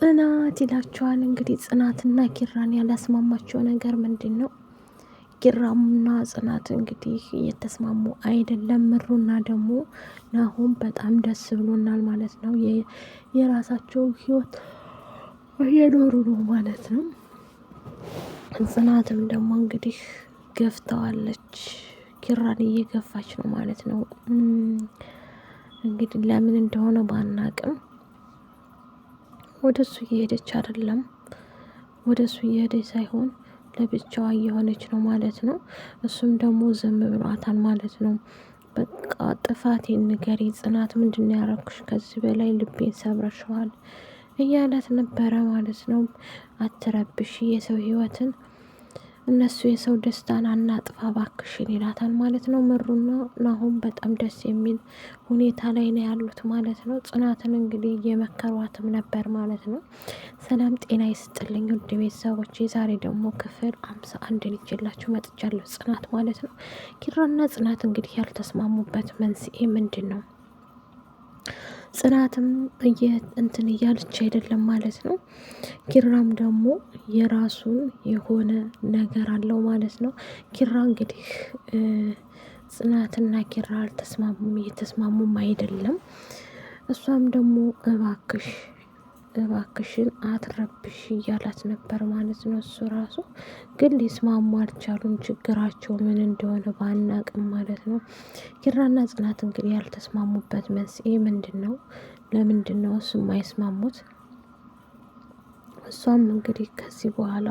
ጽናት ይላቸዋል። እንግዲህ ጽናትና ኪራን ያላስማማቸው ነገር ምንድን ነው? ኪራምና ጽናት እንግዲህ እየተስማሙ አይደለም። ምሩና ደግሞ ናሆም በጣም ደስ ብሎናል ማለት ነው። የራሳቸው ህይወት እየኖሩ ነው ማለት ነው። ጽናትም ደግሞ እንግዲህ ገፍተዋለች፣ ኪራን እየገፋች ነው ማለት ነው። እንግዲህ ለምን እንደሆነ ባናቅም ወደ እሱ እየሄደች አይደለም፣ ወደ እሱ እየሄደች ሳይሆን ለብቻዋ እየሆነች ነው ማለት ነው። እሱም ደግሞ ዝም ብሏታል ማለት ነው። በቃ ጥፋቴን ንገሪ ጽናት፣ ምንድን ያረኩሽ? ከዚህ በላይ ልቤን ሰብረሸዋል እያለት ነበረ ማለት ነው። አትረብሽ የሰው ህይወትን እነሱ የሰው ደስታን አናጥፋ ባክሽን ይላታል ማለት ነው። ምሩና ናሆም በጣም ደስ የሚል ሁኔታ ላይ ነው ያሉት ማለት ነው። ጽናትን እንግዲህ የመከሯትም ነበር ማለት ነው። ሰላም ጤና ይስጥልኝ ውድ ቤተሰቦች፣ የዛሬ ደግሞ ክፍል አምሳ አንድ ይዤላችሁ መጥቻለሁ። ጽናት ማለት ነው ኪራና ጽናት እንግዲህ ያልተስማሙበት መንስኤ ምንድን ነው? ጽናትም እየእንትን እያለች አይደለም ማለት ነው። ኪራም ደግሞ የራሱን የሆነ ነገር አለው ማለት ነው። ኪራ እንግዲህ ጽናትና ኪራ አልተስማሙም፣ እየተስማሙም አይደለም። እሷም ደግሞ እባክሽ እባክሽን አትረብሽ እያላት ነበር ማለት ነው። እሱ ራሱ ግን ሊስማሙ አልቻሉም። ችግራቸው ምን እንደሆነ ባናቅም ማለት ነው። ኪራና ጽናት እንግዲህ ያልተስማሙበት መንስኤ ምንድን ነው? ለምንድን ነው እሱ የማይስማሙት? እሷም እንግዲህ ከዚህ በኋላ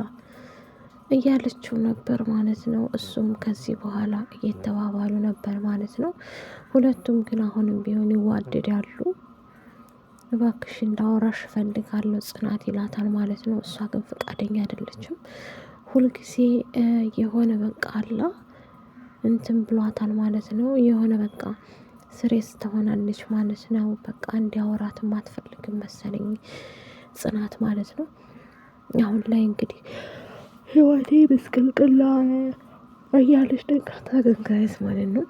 እያለችው ነበር ማለት ነው። እሱም ከዚህ በኋላ እየተባባሉ ነበር ማለት ነው። ሁለቱም ግን አሁንም ቢሆን ይዋደዳሉ። እባክሽ እንዳወራሽ እፈልጋለሁ ጽናት ይላታል ማለት ነው። እሷ ግን ፈቃደኛ አይደለችም። ሁልጊዜ የሆነ በቃ አለ እንትን ብሏታል ማለት ነው። የሆነ በቃ ስሬስ ትሆናለች ማለት ነው። በቃ እንዲያወራት አትፈልግም መሰለኝ ጽናት ማለት ነው። አሁን ላይ እንግዲህ ህይወቴ ብስቅልቅላ እያለች ደጋታ ገንጋይዝ ማለት ነው።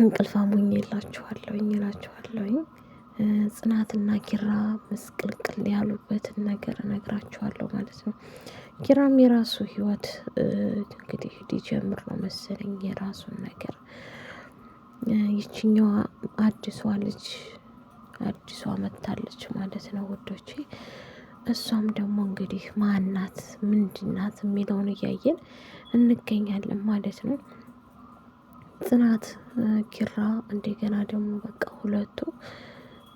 እንቅልፋ አሞኝ የላችኋለሁ እላችኋለሁ። ጽናትና ኪራ ምስቅልቅል ያሉበትን ነገር እነግራችኋለሁ ማለት ነው። ኪራም የራሱ ህይወት እንግዲህ ሊጀምር ነው መሰለኝ የራሱን ነገር ይችኛዋ አዲሷ ልጅ አዲሷ መታለች ማለት ነው ውዶቼ። እሷም ደግሞ እንግዲህ ማናት ምንድናት የሚለውን እያየን እንገኛለን ማለት ነው። ጽናት ኪራ እንደገና ደግሞ በቃ ሁለቱ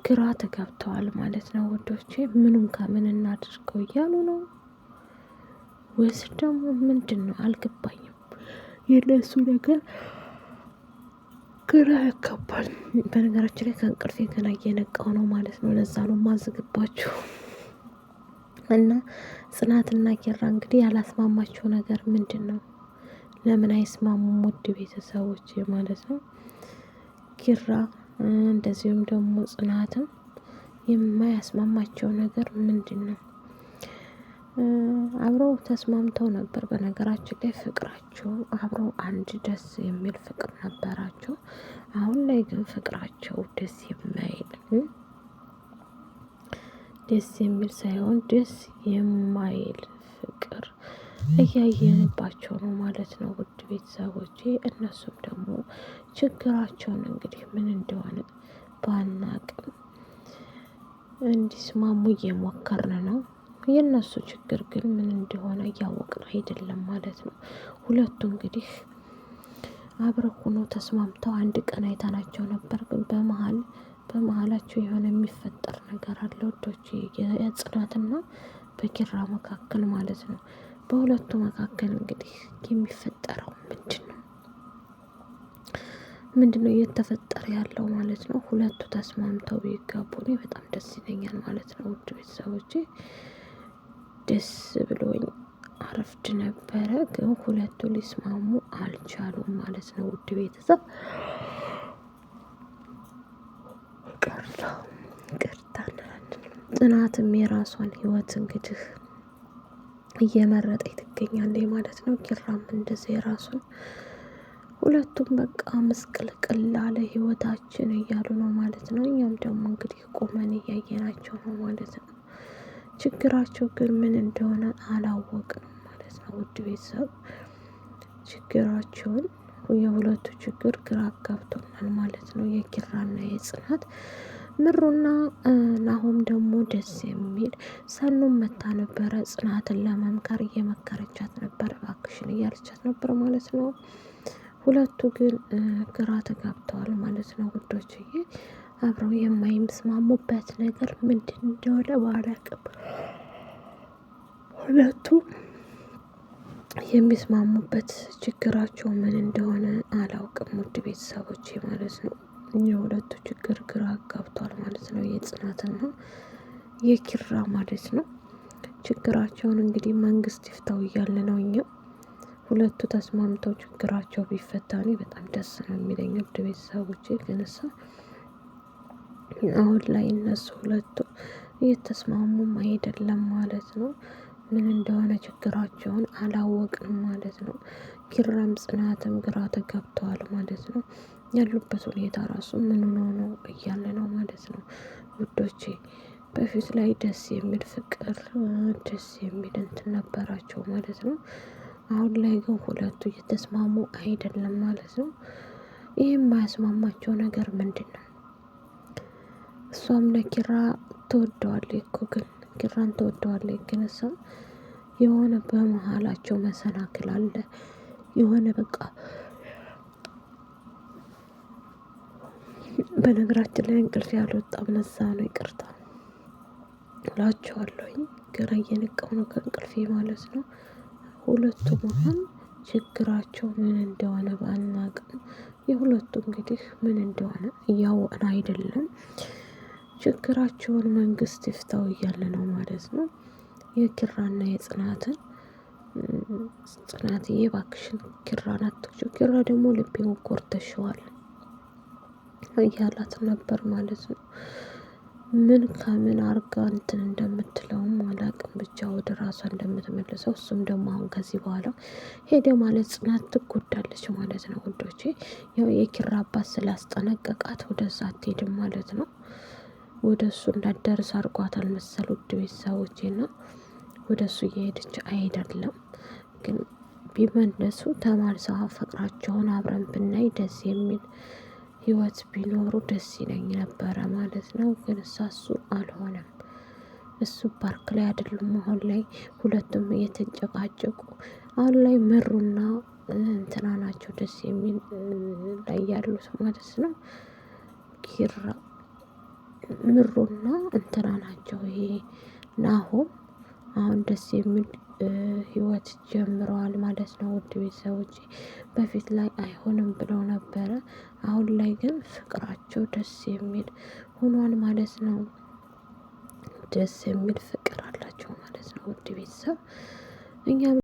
ግራ ተገብተዋል ማለት ነው ውዶቼ። ምኑን ከምን እናድርገው እያሉ ነው ወይስ ደግሞ ምንድን ነው አልገባኝም። የነሱ ነገር ግራ ያጋባል። በነገራችን ላይ ከእንቅልፌ ገና እየነቃው ነው ማለት ነው። ለዛ ነው ማዝግባችሁ እና ጽናትና ኪራ እንግዲህ ያላስማማቸው ነገር ምንድን ነው? ለምን አይስማሙም? ውድ ቤተሰቦች ማለት ነው ኪራ እንደዚሁም ደግሞ ጽናትም የማያስማማቸው ነገር ምንድን ነው? አብረው ተስማምተው ነበር። በነገራችን ላይ ፍቅራቸው አብረው አንድ ደስ የሚል ፍቅር ነበራቸው። አሁን ላይ ግን ፍቅራቸው ደስ የማይል ደስ የሚል ሳይሆን ደስ የማይል ፍቅር እያየንባቸው ነው ማለት ነው። ውድ ቤተሰቦች እነሱም ደግሞ ችግራቸውን እንግዲህ ምን እንደሆነ ባናቅም እንዲስማሙ እየሞከርን ነው። የእነሱ ችግር ግን ምን እንደሆነ እያወቅን አይደለም ማለት ነው። ሁለቱ እንግዲህ አብረው ሆኖ ተስማምተው አንድ ቀን አይተናቸው ነበር። ግን በመሀል በመሀላቸው የሆነ የሚፈጠር ነገር አለ ወዶች የጽናትና በኪራ መካከል ማለት ነው። በሁለቱ መካከል እንግዲህ የሚፈጠረው ምንድን ነው? ምንድን ነው እየተፈጠረ ያለው ማለት ነው? ሁለቱ ተስማምተው ቢጋቡ እኔ በጣም ደስ ይለኛል ማለት ነው። ውድ ቤተሰቦቼ ደስ ብሎኝ አረፍድ ነበረ፣ ግን ሁለቱ ሊስማሙ አልቻሉም ማለት ነው። ውድ ቤተሰብ ቅርታ ጽናትም የራሷን ህይወት እንግዲህ እየመረጠ ትገኛለች ማለት ነው። ኪራም እንደዚህ የራሱን ሁለቱም በቃ ምስቅልቅል አለ ህይወታችን እያሉ ነው ማለት ነው። እኛም ደግሞ እንግዲህ ቆመን እያየናቸው ነው ማለት ነው። ችግራቸው ግን ምን እንደሆነ አላወቅም ማለት ነው። ውድ ቤተሰብ ችግራቸውን የሁለቱ ችግር ግራ ገብቶናል ማለት ነው። የኪራና የጽናት ምሩና ናሆም ደግሞ ደስ የሚል ሰኑም መታ ነበረ። ጽናትን ለመምከር እየመከረቻት ነበር፣ እባክሽን እያለቻት ነበር ማለት ነው። ሁለቱ ግን ግራ ተጋብተዋል ማለት ነው ውዶችዬ። አብረው የማይስማሙበት ነገር ምንድን እንደሆነ ባላቅም ሁለቱ የሚስማሙበት ችግራቸው ምን እንደሆነ አላውቅም። ውድ ቤተሰቦች ማለት ነው የሁለቱ ችግር ግራ አጋብቷል ማለት ነው። የጽናትና የኪራ ማለት ነው። ችግራቸውን እንግዲህ መንግስት ይፍታው እያለ ነው። እኛ ሁለቱ ተስማምተው ችግራቸው ቢፈታ እኔ በጣም ደስ ነው የሚለኝ ውድ ቤተሰቦች ግንሳ አሁን ላይ እነሱ ሁለቱ እየተስማሙም አይደለም ማለት ነው። ምን እንደሆነ ችግራቸውን አላወቅንም ማለት ነው። ኪራም ጽናትም ግራ ተጋብተዋል ማለት ነው። ያሉበት ሁኔታ ራሱ ምን ሆኖ ነው እያለ ነው ማለት ነው ውዶቼ። በፊት ላይ ደስ የሚል ፍቅር ደስ የሚል እንትን ነበራቸው ማለት ነው። አሁን ላይ ግን ሁለቱ እየተስማሙ አይደለም ማለት ነው። ይህ የማያስማማቸው ነገር ምንድን ነው? እሷም ለኪራ ትወደዋለች እኮ ግን ኪራን ትወደዋለች ግን እሷ የሆነ በመሀላቸው መሰናክል አለ የሆነ በቃ በነገራችን ላይ እንቅልፍ ያልወጣም ነዛ ነው። ይቅርታ እላችኋለሁኝ። ግራ እየነቀው ነው ከእንቅልፌ ማለት ነው። ሁለቱ መሀል ችግራቸው ምን እንደሆነ ባናቅም የሁለቱ እንግዲህ ምን እንደሆነ እያወቅን አይደለም። ችግራቸውን መንግስት ይፍታው እያለ ነው ማለት ነው። የኪራና የጽናትን ጽናትዬ እባክሽን ኪራን አትወጪው፣ ኪራ ደግሞ ልቤውን ጎርተሸዋል እያላት ነበር ማለት ነው። ምን ከምን አርጋ እንትን እንደምትለውም አላቅም፣ ብቻ ወደ ራሷ እንደምትመልሰው እሱም ደግሞ አሁን ከዚህ በኋላ ሄደ ማለት ጽናት ትጎዳለች ማለት ነው ውዶቼ። ያው የኪራ አባት ስላስጠነቀቃት ወደዛ አትሄድም ማለት ነው። ወደ እሱ እንዳደርስ አርጓታል መሰል ውድ ቤተሰቦቼ ና ወደ እሱ እየሄደች አይደለም ግን ቢመለሱ ተማልሰዋ ፍቅራቸውን አብረን ብናይ ደስ የሚል ህይወት ቢኖሩ ደስ ይለኝ ነበረ ማለት ነው። ግን እሳሱ አልሆነም። እሱ ፓርክ ላይ አይደሉም አሁን ላይ ሁለቱም እየተንጨቃጨቁ አሁን ላይ ምሩና እንትና ናቸው ደስ የሚል ላይ ያሉት ማለት ነው። ኪራ ምሩና እንትና ናቸው። ይሄ ናሆም አሁን ደስ የሚል ህይወት ጀምረዋል ማለት ነው። ውድ ቤተሰቦች በፊት ላይ አይሆንም ብለው ነበረ። አሁን ላይ ግን ፍቅራቸው ደስ የሚል ሆኗል ማለት ነው። ደስ የሚል ፍቅር አላቸው ማለት ነው። ውድ ቤተሰብ እኛም